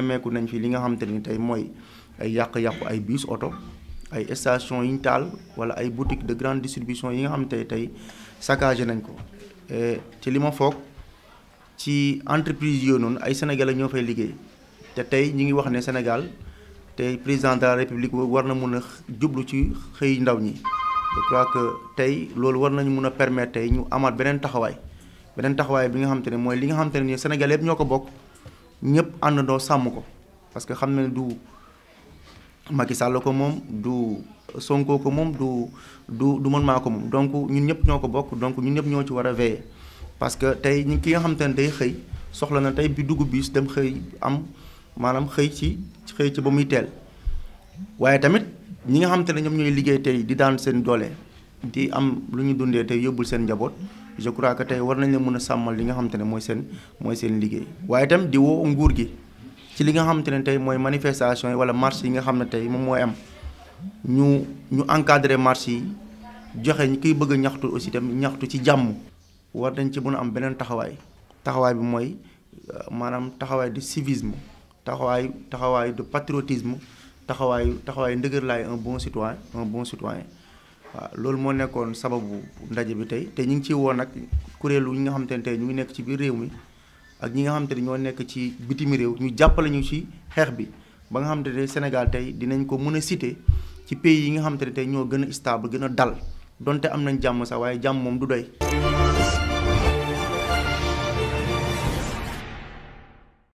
nemmeeku nañ fi li nga xamante nii tey mooy ay yàq-yàqu ay biis oto ay station yi taal wala ay boutique de grande distribution yi nga xam te tey saccagé nañ ko ci li ma foog ci entreprise yooyu noonu ay sénégalais ñoo fay liggéey te tey ñi ngi wax ne Sénégal tey président de la république war na mun a jublu ci xëy ndaw ñi je tey loolu war nañu mun a permettre tey ñu amaat beneen taxawaay beneen taxawaay bi nga xam te ne mooy li nga xam te ne sénégalais ñoo ko bokk ñëpp àndandoo sàmm ko parce que xam na ne du Macky Sall ko moom du Sonko ko moom du du du man maa ko moom donc ñun ñëpp ñoo ko bokk donc ñun ñëpp ñoo ci war a veiller parce que tey ñi ki nga xam ne day xëy soxla na tey bi dugub biis dem xëy am maanaam xëy ci xëy ci ba muy teel waaye tamit ñi nga xam te ne ñoom ñooy liggéey tey di daan seen doole di am lu ñu dundee tey yóbbul seen njaboot je crois que tay war nañ leen mëna samal li nga xamantene moy sen moy sen seen liggéey waaye di wo nguur gi ci li nga xamantene tay moy manifestation wala marche yi nga xamne tay mom moom am ñu ñu encadrer marche yi joxe ñi kiy bëgg ñaxtu aussi tam ñaxtu ci jamm war nañ ci mëna am benen taxaway taxaway bi moy euh, manam taxaway de civisme taxaway taxaway de patriotisme taxaway taxaway ndëgër lay un bon citoyen un bon citoyen waaw loolu moo nekkoon sababu ndaje bi tey te ñu ngi ciy woo nag kuréelu ñi nga xamante ne tey ñu ngi nekk ci biir réew mi ak ñi nga xamante ne ñoo nekk ci bitim réew ñu jàppale ñu ci xeex bi ba nga xamante ne Sénégal tey dinañ ko mën a citer ci pays yi nga xamante ne tey ñoo gën a stable gën a dal donte am nañ jàmm sax waaye jàmm moom du doy.